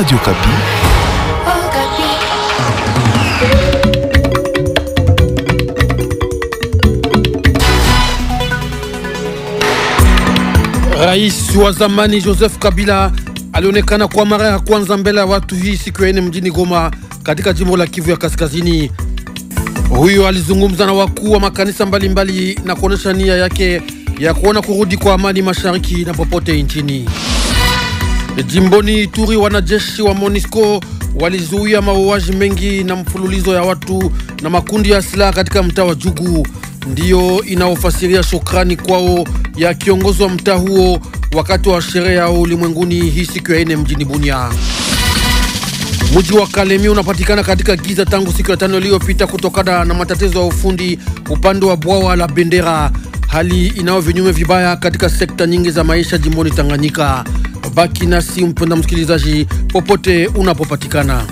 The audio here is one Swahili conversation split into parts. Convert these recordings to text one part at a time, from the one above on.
Radio Kapi. Oh, Kapi. Rais wa zamani Joseph Kabila alionekana kwa mara ya kwanza mbele ya watu hii siku ya ine mjini Goma katika jimbo la Kivu ya Kaskazini. Huyo alizungumza na wakuu wa makanisa mbalimbali mbali na kuonesha nia yake ya kuona kurudi kwa amani mashariki na popote nchini. E, jimboni Ituri, wanajeshi wa MONUSCO walizuia mauaji mengi na mfululizo ya watu na makundi ya silaha katika mtaa wa Jugu, ndiyo inaofasiria shukrani kwao ya kiongozi wa mtaa huo wakati wa sherehe yao ulimwenguni hii siku ya ine mjini Bunia. Mji wa Kalemi unapatikana katika giza tangu siku ya tano iliyopita kutokana na matatizo ya ufundi upande wa bwawa la Bendera, hali inayo vinyume vibaya katika sekta nyingi za maisha jimboni Tanganyika. Baki nasi mpenda msikilizaji, popote unapopatikana.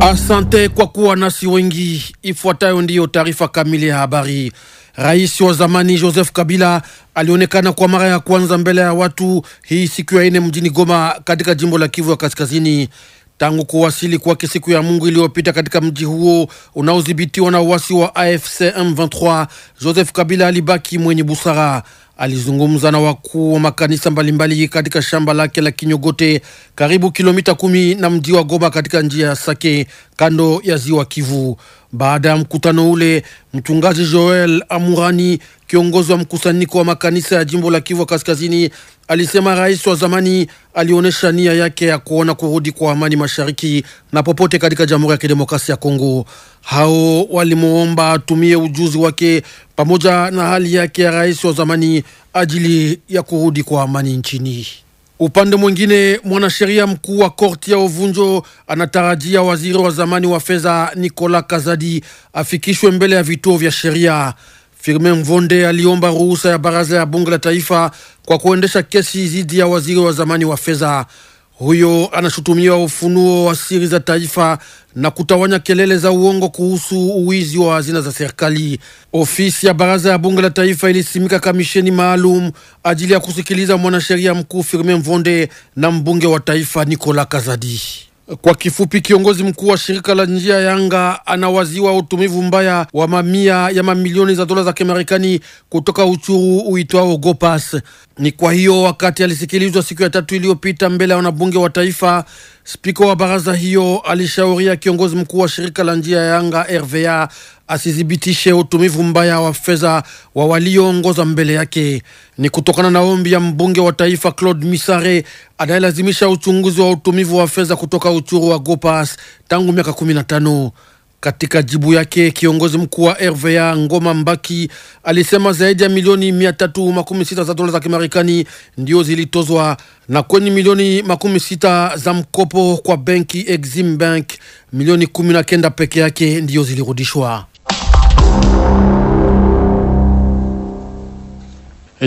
Asante kwa kuwa nasi wengi. Ifuatayo ndiyo taarifa kamili ya habari. Rais wa zamani Joseph Kabila alionekana kwa mara ya kwanza mbele ya watu hii siku ya ine mjini Goma katika jimbo la Kivu ya Kaskazini tangu kuwasili kwake siku ya Mungu iliyopita katika mji huo unaodhibitiwa na uasi wa AFC M23. Joseph Kabila alibaki mwenye busara. Alizungumza na wakuu wa makanisa mbalimbali katika shamba lake la Kinyogote, karibu kilomita kumi na mji wa Goma, katika njia ya Sake, kando ya ziwa Kivu. Baada ya mkutano ule, mchungaji Joel Amurani, kiongozi wa mkusanyiko wa makanisa ya jimbo la Kivu Kaskazini, alisema rais wa zamani alionyesha nia yake ya kuona kurudi kwa amani mashariki na popote katika Jamhuri ya Kidemokrasia ya Kongo. Hao walimuomba atumie ujuzi wake pamoja na hali yake ya rais wa zamani ajili ya kurudi kwa amani nchini. Upande mwingine, mwanasheria mkuu wa korti ya uvunjo anatarajia waziri wa zamani wa fedha Nicolas Kazadi afikishwe mbele ya vituo vya sheria. Firme Mvonde aliomba ruhusa ya baraza ya bunge la taifa kwa kuendesha kesi dhidi ya waziri wa zamani wa fedha. Huyo anashutumiwa ufunuo wa siri za taifa na kutawanya kelele za uongo kuhusu uwizi wa hazina za serikali. Ofisi ya baraza ya bunge la taifa ilisimika kamisheni maalum ajili ya kusikiliza mwanasheria mkuu Firmin Mvonde na mbunge wa taifa Nicolas Kazadi. Kwa kifupi, kiongozi mkuu wa shirika la njia ya anga anawaziwa utumivu mbaya wa mamia ya mamilioni za dola za Kimarekani kutoka uchuru uitwao Gopas. Ni kwa hiyo, wakati alisikilizwa siku ya tatu iliyopita mbele ya wanabunge wa taifa, spika wa baraza hiyo alishauria kiongozi mkuu wa shirika la njia ya anga RVA asithibitishe utumivu mbaya wa fedha wa walioongoza mbele yake. Ni kutokana na ombi ya mbunge wa taifa Claude Misare anayelazimisha uchunguzi wa utumivu wa fedha kutoka uchuru wa Gopas tangu miaka 15. Katika jibu yake kiongozi mkuu wa RVA Ngoma Mbaki alisema zaidi ya milioni 316 za dola za Kimarekani ndio zilitozwa na kwenye milioni makumi sita za mkopo kwa benki Exim Bank, milioni 19 peke yake ndiyo zilirudishwa.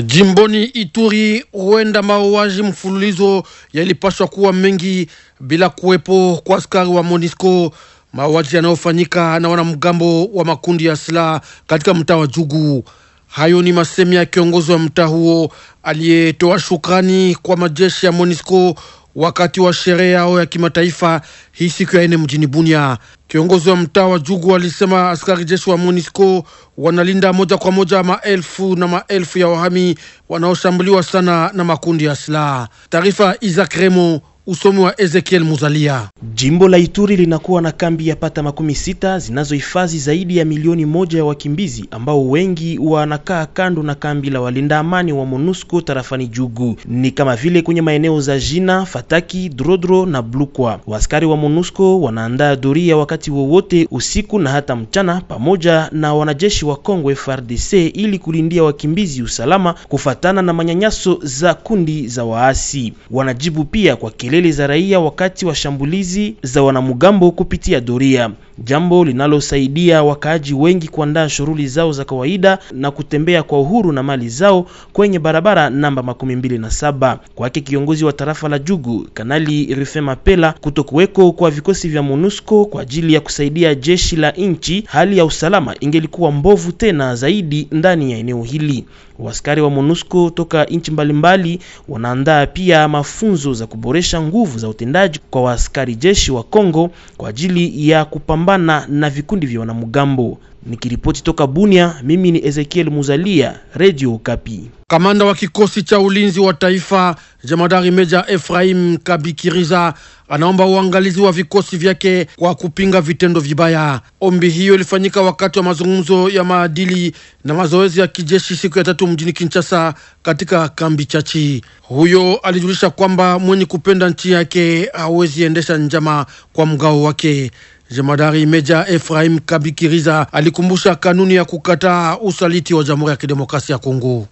Jimboni Ituri huenda mauaji mfululizo yalipaswa kuwa mengi bila kuwepo kwa askari wa MONUSCO, mauaji yanayofanyika na wanamgambo wa makundi ya silaha katika mtaa wa Jugu. Hayo ni masemi ya kiongozi wa mtaa huo aliyetoa shukrani kwa majeshi ya MONUSCO wakati wa sherehe yao ya kimataifa hii siku ya ine mjini Bunia. Kiongozi wa mtaa wa Jugu alisema askari jeshi wa MONUSCO wanalinda moja kwa moja maelfu na maelfu ya wahami wanaoshambuliwa sana na makundi ya silaha. Taarifa Isaac Remo Usomi wa Ezekiel Muzalia. Jimbo la Ituri linakuwa na kambi ya pata makumi sita zinazohifadhi zaidi ya milioni moja ya wakimbizi ambao wengi wanakaa kando na kambi la walinda amani wa MONUSCO tarafani Jugu, ni kama vile kwenye maeneo za Jina, Fataki, Drodro na Blukwa. Waskari wa MONUSCO wanaandaa doria wakati wowote usiku na hata mchana, pamoja na wanajeshi wa Kongo FARDC ili kulindia wakimbizi usalama kufatana na manyanyaso za kundi za waasi. Wanajibu pia kwa kile kelele za raia wakati wa shambulizi za wanamgambo kupitia doria, jambo linalosaidia wakaaji wengi kuandaa shughuli zao za kawaida na kutembea kwa uhuru na mali zao kwenye barabara namba makumi mbili na saba. Kwake kiongozi wa tarafa la Jugu, Kanali Rufe Mapela, kutokuweko kwa vikosi vya MONUSCO kwa ajili ya kusaidia jeshi la nchi, hali ya usalama ingelikuwa mbovu tena zaidi ndani ya eneo hili. Waskari wa MONUSCO toka nchi mbalimbali wanaandaa pia mafunzo za kuboresha nguvu za utendaji kwa waaskari jeshi wa Kongo kwa ajili ya kupambana na vikundi vya wanamgambo. Nikiripoti toka Bunia, mimi ni Ezekiel Muzalia, Radio Kapi. Kamanda wa kikosi cha ulinzi wa taifa jemadari meja Efraim Kabikiriza anaomba uangalizi wa vikosi vyake kwa kupinga vitendo vibaya. Ombi hiyo ilifanyika wakati wa mazungumzo ya maadili na mazoezi ya kijeshi siku ya tatu mjini Kinshasa katika kambi Chachi. Huyo alijulisha kwamba mwenye kupenda nchi yake hawezi endesha njama kwa mgao wake. Jemadari Meja Efraim Kabikiriza alikumbusha kanuni ya kukataa usaliti wa Jamhuri ya Kidemokrasia ya Kongo.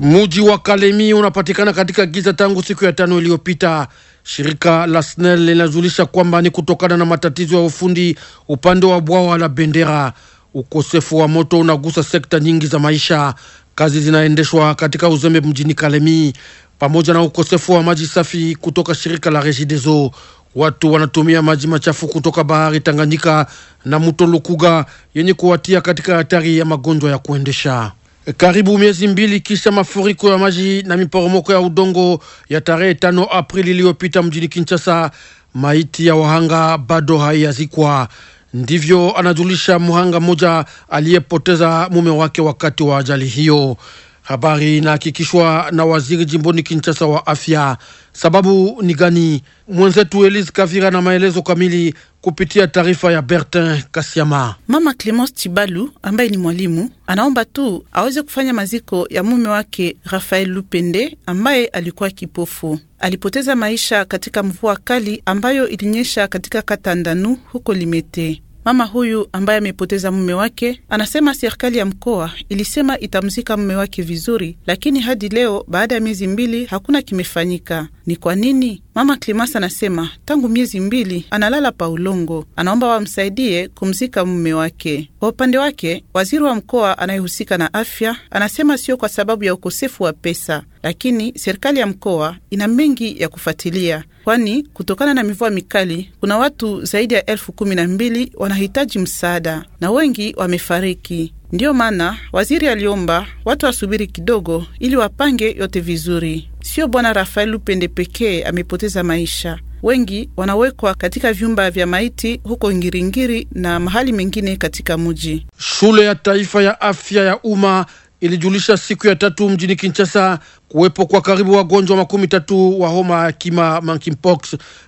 Muji wa Kalemi unapatikana katika giza tangu siku ya tano iliyopita. Shirika la SNEL linajulisha kwamba ni kutokana na matatizo ya ufundi upande wa bwawa la Bendera. Ukosefu wa moto unagusa sekta nyingi za maisha. Kazi zinaendeshwa katika uzembe mjini Kalemi, pamoja na ukosefu wa maji safi kutoka shirika la Regideso. Watu wanatumia maji machafu kutoka bahari Tanganyika na mto Lukuga yenye kuwatia katika hatari ya magonjwa ya kuendesha. Karibu miezi mbili kisha mafuriko ya maji na miporomoko ya udongo ya tarehe tano Aprili iliyopita mjini Kinshasa, maiti ya wahanga bado haiyazikwa. Ndivyo anajulisha mhanga mmoja aliyepoteza mume wake wakati wa ajali hiyo. Habari inahakikishwa na waziri jimboni Kinshasa wa afya. Sababu ni gani? Mwenzetu Elise Kavira na maelezo kamili kupitia taarifa ya Bertin Kasiama. Mama Clemence Chibalu ambaye ni mwalimu anaomba tu aweze kufanya maziko ya mume wake Rafael Lupende ambaye alikuwa kipofu. Alipoteza maisha katika mvua kali ambayo ilinyesha katika Katandanu huko Limete. Mama huyu ambaye amepoteza mume wake anasema serikali ya mkoa ilisema itamzika mume wake vizuri, lakini hadi leo, baada ya miezi mbili, hakuna kimefanyika. Ni kwa nini? Mama Klimas anasema tangu miezi mbili analala pa ulongo, anaomba wamsaidie kumzika mume wake. Kwa upande wake, waziri wa mkoa anayehusika na afya anasema sio kwa sababu ya ukosefu wa pesa, lakini serikali ya mkoa ina mengi ya kufuatilia, kwani kutokana na mivua mikali kuna watu zaidi ya elfu kumi na mbili wanahitaji msaada na wengi wamefariki. Ndiyo maana waziri aliomba watu wasubiri kidogo ili wapange yote vizuri. Sio bwana Rafael Lupende pekee amepoteza maisha, wengi wanawekwa katika vyumba vya maiti huko Ngiringiri na mahali mengine katika mji. Shule ya taifa ya afya ya umma ilijulisha siku ya tatu mjini Kinshasa kuwepo kwa karibu wagonjwa makumi tatu wa homa ya kima monkeypox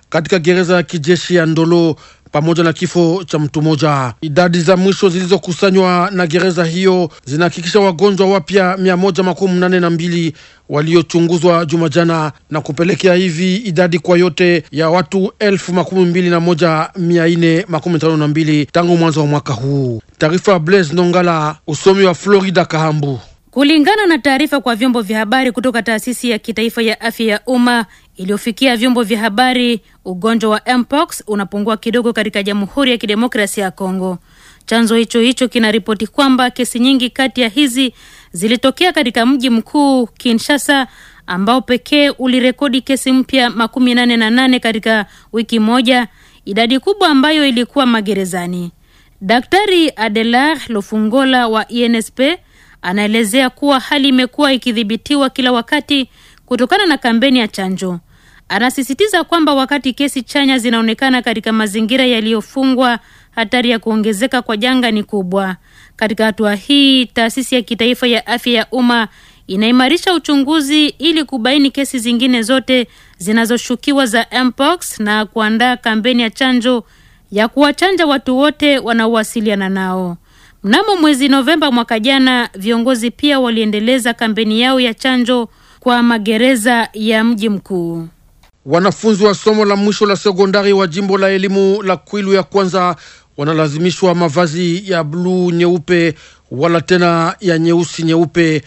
katika gereza ya kijeshi ya Ndolo pamoja na kifo cha mtu mmoja. Idadi za mwisho zilizokusanywa na gereza hiyo zinahakikisha wagonjwa wapya mia moja makumi nane na mbili waliochunguzwa Jumajana na kupelekea hivi idadi kwa yote ya watu elfu makumi mbili na moja mia nne makumi tano na mbili tangu mwanzo wa mwaka huu. Taarifa ya Blaise Nongala, usomi wa Florida Kahambu. Kulingana na taarifa kwa vyombo vya habari kutoka taasisi ya kitaifa ya afya ya umma iliyofikia vyombo vya habari, ugonjwa wa mpox unapungua kidogo katika Jamhuri ya Kidemokrasia ya Kongo. Chanzo hicho hicho kinaripoti kwamba kesi nyingi kati ya hizi zilitokea katika mji mkuu Kinshasa, ambao pekee ulirekodi kesi mpya makumi nane na nane katika wiki moja, idadi kubwa ambayo ilikuwa magerezani. Daktari Adelar Lofungola wa INSP anaelezea kuwa hali imekuwa ikidhibitiwa kila wakati kutokana na kampeni ya chanjo. Anasisitiza kwamba wakati kesi chanya zinaonekana katika mazingira yaliyofungwa, hatari ya kuongezeka kwa janga ni kubwa. Katika hatua hii, taasisi ya kitaifa ya afya ya umma inaimarisha uchunguzi ili kubaini kesi zingine zote zinazoshukiwa za mpox na kuandaa kampeni ya chanjo ya kuwachanja watu wote wanaowasiliana nao. Mnamo mwezi Novemba mwaka jana, viongozi pia waliendeleza kampeni yao ya chanjo kwa magereza ya mji mkuu. Wanafunzi wa somo la mwisho la sekondari wa jimbo la elimu la Kwilu ya kwanza wanalazimishwa mavazi ya bluu nyeupe wala tena ya nyeusi nyeupe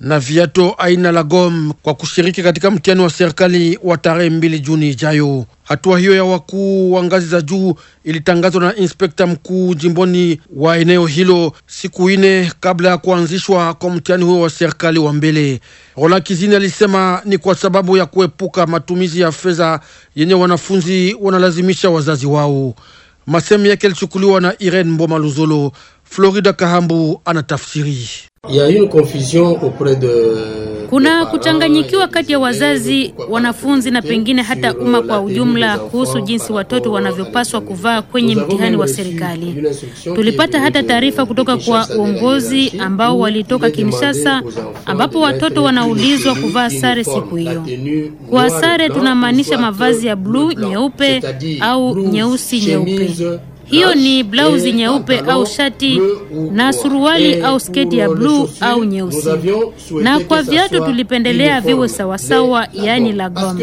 na viato aina la gom kwa kushiriki katika mtihani wa serikali wa tarehe mbili Juni ijayo. Hatua hiyo ya wakuu wa ngazi za juu ilitangazwa na inspekta mkuu jimboni wa eneo hilo siku ine kabla ya kuanzishwa kwa mtihani huyo wa serikali wa mbele. Rola Kizini alisema ni kwa sababu ya kuepuka matumizi ya fedha yenye wanafunzi wanalazimisha wazazi wao. masemu yake alichukuliwa na Irene Mboma Luzolo. Florida Kahambu anatafsiri. Kuna kuchanganyikiwa kati ya wazazi, wanafunzi na pengine hata euh, umma kwa ujumla kuhusu jinsi watoto wanavyopaswa kuvaa kwenye mtihani wa serikali. Tulipata hata taarifa kutoka kwa uongozi ambao walitoka Kinshasa, ambapo watoto wanaulizwa kuvaa sare siku hiyo. Kwa sare tunamaanisha mavazi ya bluu nyeupe au nyeusi nyeupe hiyo ni blausi eh, nyeupe au shati na suruali eh, au sketi ya bluu au nyeusi. Na kwa viatu tulipendelea viwe sawasawa, yaani gom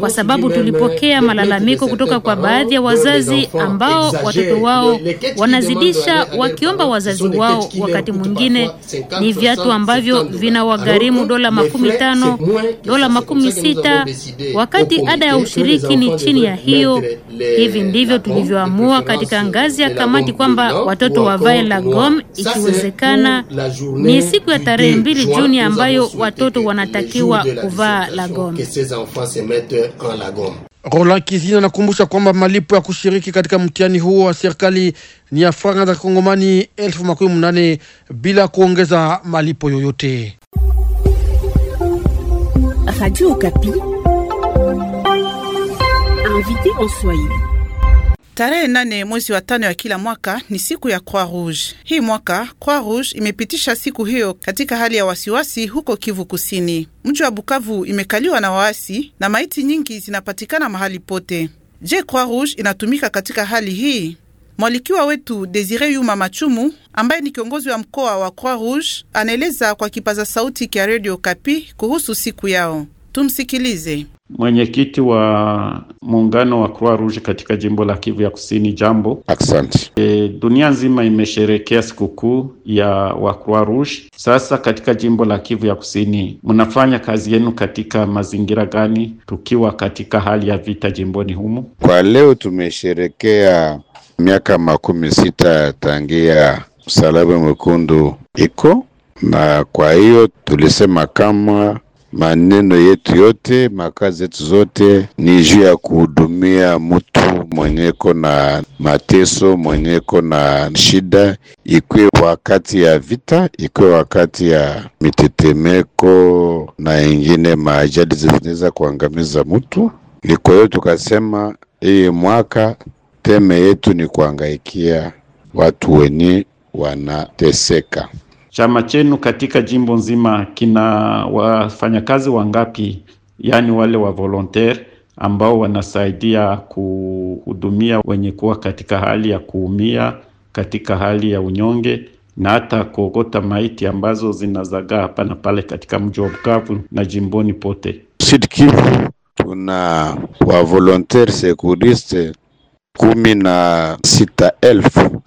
kwa sababu tulipokea malalamiko kutoka kwa baadhi ya wazazi ambao watoto wao wanazidisha wakiomba wazazi wao, wakati mwingine ni viatu ambavyo vinawagharimu dola makumi tano, dola makumi sita, wakati ada ya ushiriki ni chini ya hiyo. Hivi ndivyo tulivyoamua katika katika ngazi ya kamati kwamba watoto wavae la gom ikiwezekana. Ni siku ya tarehe mbili Juni ambayo watoto wanatakiwa kuvaa la gom. Roland Kizina anakumbusha kwamba malipo ya kushiriki katika mtihani huo wa serikali ni ya faranga za kikongomani elfu makumi mnane bila kuongeza malipo yoyote. Radio Okapi, invité en Swahili. Tarehe nane mwezi wa tano ya kila mwaka ni siku ya Croix Rouge. Hii mwaka Croix Rouge imepitisha siku hiyo katika hali ya wasiwasi huko Kivu Kusini. Mji wa Bukavu imekaliwa na waasi na maiti nyingi zinapatikana mahali pote. Je, Croix Rouge inatumika katika hali hii? Mwalikiwa wetu Desire Yuma Machumu ambaye ni kiongozi wa mkoa wa Croix Rouge anaeleza kwa kipaza sauti kya Radio Kapi kuhusu siku yao. Tumsikilize. Mwenyekiti wa muungano wa Croix Rouge katika jimbo la Kivu ya Kusini, jambo. Asante. E, dunia nzima imesherekea sikukuu ya wa Croix Rouge. Sasa katika jimbo la Kivu ya Kusini, mnafanya kazi yenu katika mazingira gani, tukiwa katika hali ya vita jimboni humo? Kwa leo tumesherekea miaka makumi sita tangia msalaba mwekundu iko, na kwa hiyo tulisema kama maneno yetu yote, makazi yetu zote ni juu ya kuhudumia mtu mwenyeko na mateso, mwenyeko na shida, ikwe wakati ya vita, ikwe wakati ya mitetemeko na ingine maajali zinaweza kuangamiza mtu. Ni kwa hiyo tukasema hii mwaka teme yetu ni kuangaikia watu wenye wanateseka. Chama chenu katika jimbo nzima kina wafanyakazi wangapi, yaani wale wa volontaire ambao wanasaidia kuhudumia wenye kuwa katika hali ya kuumia, katika hali ya unyonge na hata kuogota maiti ambazo zinazagaa hapa na pale katika mji wa Bukavu na jimboni pote Sud Kivu. Tuna wa volontaire securiste kumi na sita elfu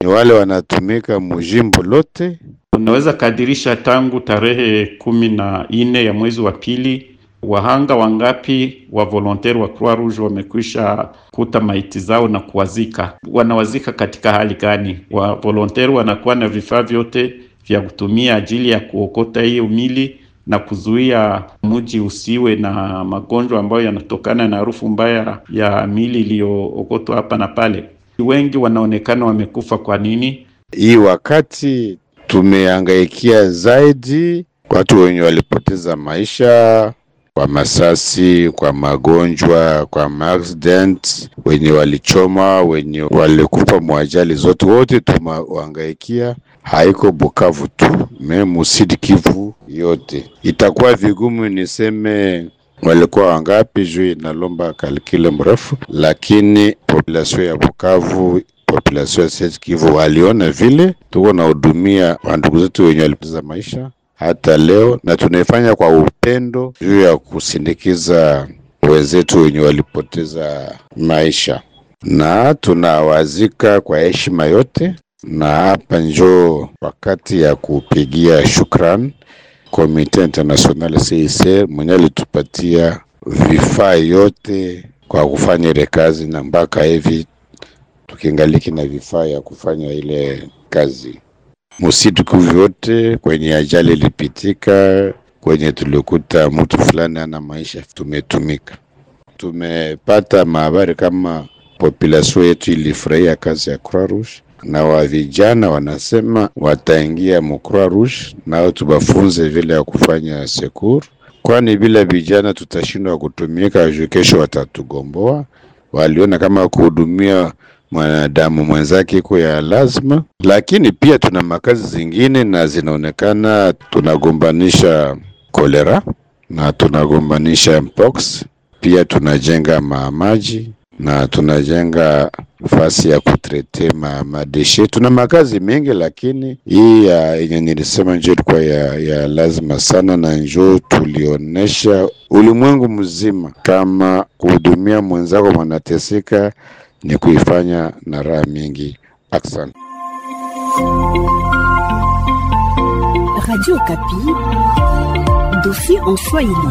ni wale wanatumika mujimbo lote. Unaweza kadirisha tangu tarehe kumi na nne ya mwezi wa pili wahanga wangapi wa volontaire wa Croix Rouge wamekwisha kuta maiti zao na kuwazika? Wanawazika katika hali gani? Wa volontaire wanakuwa na vifaa vyote vya kutumia ajili ya kuokota hiyo mili na kuzuia mji usiwe na magonjwa ambayo yanatokana na harufu mbaya ya mili iliyookotwa hapa na pale. Wengi wanaonekana wamekufa. Kwa nini hii wakati tumehangaikia zaidi watu wenye walipoteza maisha, kwa masasi, kwa magonjwa, kwa accident, wenye walichoma, wenye walikufa mwajali zote, wote tumawangaikia. Haiko Bukavu tu me musidi Kivu yote. Itakuwa vigumu niseme walikuwa wangapi juu inalomba kalikile mrefu, lakini population ya Bukavu population ya Kivu waliona vile tuko na hudumia wandugu zetu wenye walipoteza maisha hata leo, na tunaifanya kwa upendo juu ya kusindikiza wenzetu wenye walipoteza maisha, na tunawazika kwa heshima yote. Na hapa njoo wakati ya kupigia shukrani Komite International CIC mwenye alitupatia vifaa yote kwa kufanya ile kazi, na mpaka hivi tukingaliki na vifaa ya kufanya ile kazi musitukuvi vyote kwenye ajali ilipitika, kwenye tulikuta mtu fulani ana maisha, tumetumika tumepata mahabari kama populasion yetu ilifurahia kazi ya Croix Rouge na wa vijana wanasema wataingia mu Croix Rouge, nao tubafunze vile ya kufanya sekur kwani bila vijana tutashindwa kutumika, kesho watatugomboa. Waliona kama kuhudumia mwanadamu mwenzake kuwa ya lazima, lakini pia tuna makazi zingine na zinaonekana tunagombanisha kolera na tunagombanisha mpox, pia tunajenga maamaji na tunajenga fasi ya kutrete ma madeshe. Tuna makazi mengi, lakini hii yenye nilisema njo ilikuwa ya, ya lazima sana, na njo tulionesha ulimwengu mzima kama kuhudumia mwenzako mwanateseka ni kuifanya na raha mingi. Aksan. Radio Kapi, dossier en Swahili.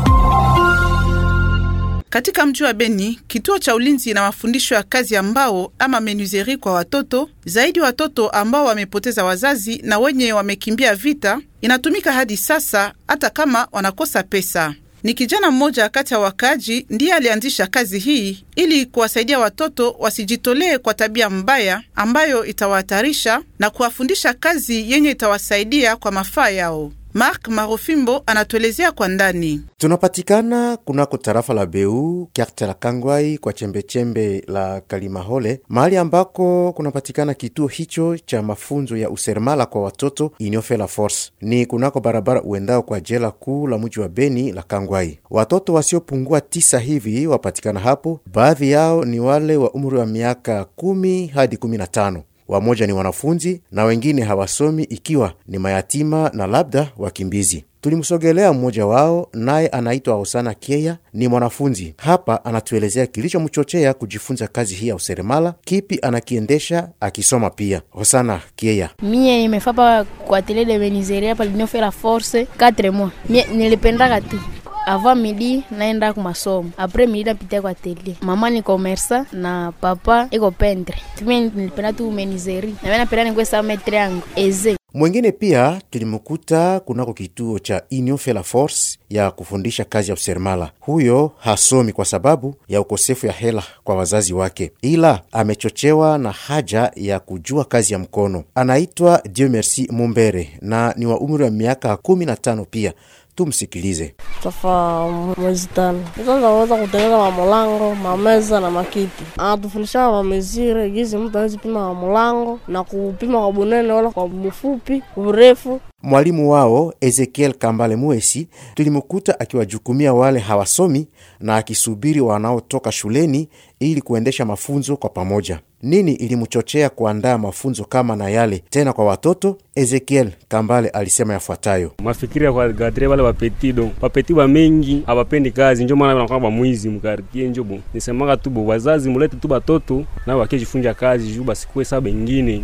Katika mji wa Beni, kituo cha ulinzi na mafundisho ya kazi ya mbao ama menuzeri kwa watoto, zaidi watoto ambao wamepoteza wazazi na wenye wamekimbia vita, inatumika hadi sasa hata kama wanakosa pesa. Ni kijana mmoja kati ya wakaaji ndiye alianzisha kazi hii ili kuwasaidia watoto wasijitolee kwa tabia mbaya ambayo itawahatarisha na kuwafundisha kazi yenye itawasaidia kwa mafaa yao. Mark Marofimbo anatuelezea kwa ndani. Tunapatikana kunako tarafa la Beu, karte la Kangwai, kwa chembechembe chembe la Kalimahole, mahali ambako kunapatikana kituo hicho cha mafunzo ya useremala kwa watoto inyofe la force. Ni kunako barabara uendao kwa jela kuu la mji wa Beni la Kangwai. Watoto wasiopungua tisa hivi wapatikana hapo, baadhi yao ni wale wa umri wa miaka kumi hadi kumi na tano wamoja ni wanafunzi na wengine hawasomi, ikiwa ni mayatima na labda wakimbizi. Tulimsogelea mmoja wao, naye anaitwa Hosana Keya, ni mwanafunzi hapa. Anatuelezea kilichomchochea kujifunza kazi hii ya useremala, kipi anakiendesha akisoma pia. Hosana Keya: mie nimefapa kwa tele de hapa linofela force 4 mois, mie nilipendaka tu Avant midi naenda ku masomo, apres midi napitia kwa atelier. Mama ni komersa na papa iko pendre. Mimi nilipenda tu menizeri na mimi napenda nikuwe sawa metre yangu eze Mwengine pia tulimkuta kunako kituo cha Union Fe la Force ya kufundisha kazi ya useremala. Huyo hasomi kwa sababu ya ukosefu ya hela kwa wazazi wake, ila amechochewa na haja ya kujua kazi ya mkono. Anaitwa Dieu Merci Mumbere na ni wa umri wa miaka kumi na tano pia tumsikilize. Safa mwezi tano kwanza waweza kutengeza mamulango, mameza na makiti. Anatufundisha mamezire, gizi, mtu awezi pima mamulango na kupima kwa bunene wala kwa mfupi, urefu Mwalimu wao Ezekiel Kambale Muesi tulimkuta akiwajukumia wale hawasomi na akisubiri wanaotoka shuleni ili kuendesha mafunzo kwa pamoja. Nini ilimchochea kuandaa mafunzo kama na yale tena kwa watoto? Ezekiel Kambale alisema yafuatayo: mafikiri ya kuwagadre wale wapetido do wapeti wa mengi hawapendi kazi, njo maana wanakuwa wamwizi mkartie. njobo bo nisemaga tubo wazazi mulete tu batoto nao wakejifunja kazi juu basikuwe saa bengine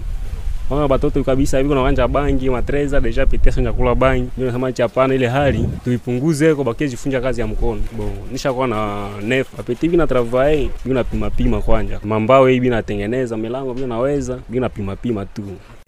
Wana batoto kabisa hivi kuna wanja bangi, matreza deja pitia sonja kula bangi. Ndio nasema pana ile hali tuipunguze kwa bakia jifunja kazi ya mkono. Bo, nisha kwa na nef. Apeti hivi na travail, hivi na pima pima kwanja. Mambao hivi natengeneza milango hivi naweza, hivi na pima pima tu.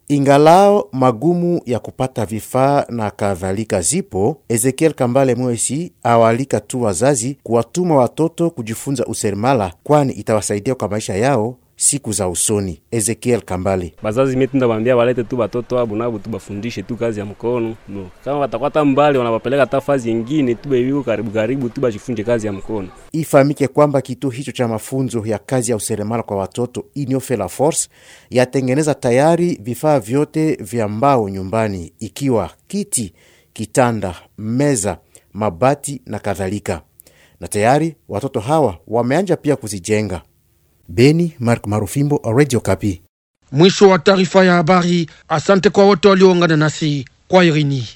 Ingalao magumu ya kupata vifaa na kadhalika zipo, Ezekiel Kambale Mwesi awalika tu wazazi kuwatuma watoto kujifunza useremala, kwani itawasaidia kwa maisha yao siku za usoni. Ezekiel Kambale: bazazi mietunda bambia balete tu batoto abu nabu tu bafundishe tu kazi ya mkono no. kama watakwata mbali wanawapeleka tafazi ingine tu bebiu karibu karibu tu bajifunje kazi ya mkono. Ifahamike kwamba kituo hicho cha mafunzo ya kazi ya useremala kwa watoto Iniofe la Force yatengeneza tayari vifaa vyote vya mbao nyumbani, ikiwa kiti, kitanda, meza, mabati na kadhalika, na tayari watoto hawa wameanja pia kuzijenga. Beni, Mark Marufimbo, Radio Kapi. Mwisho wa taarifa ya habari. Asante kwa wote walioungana nasi kwa Irini.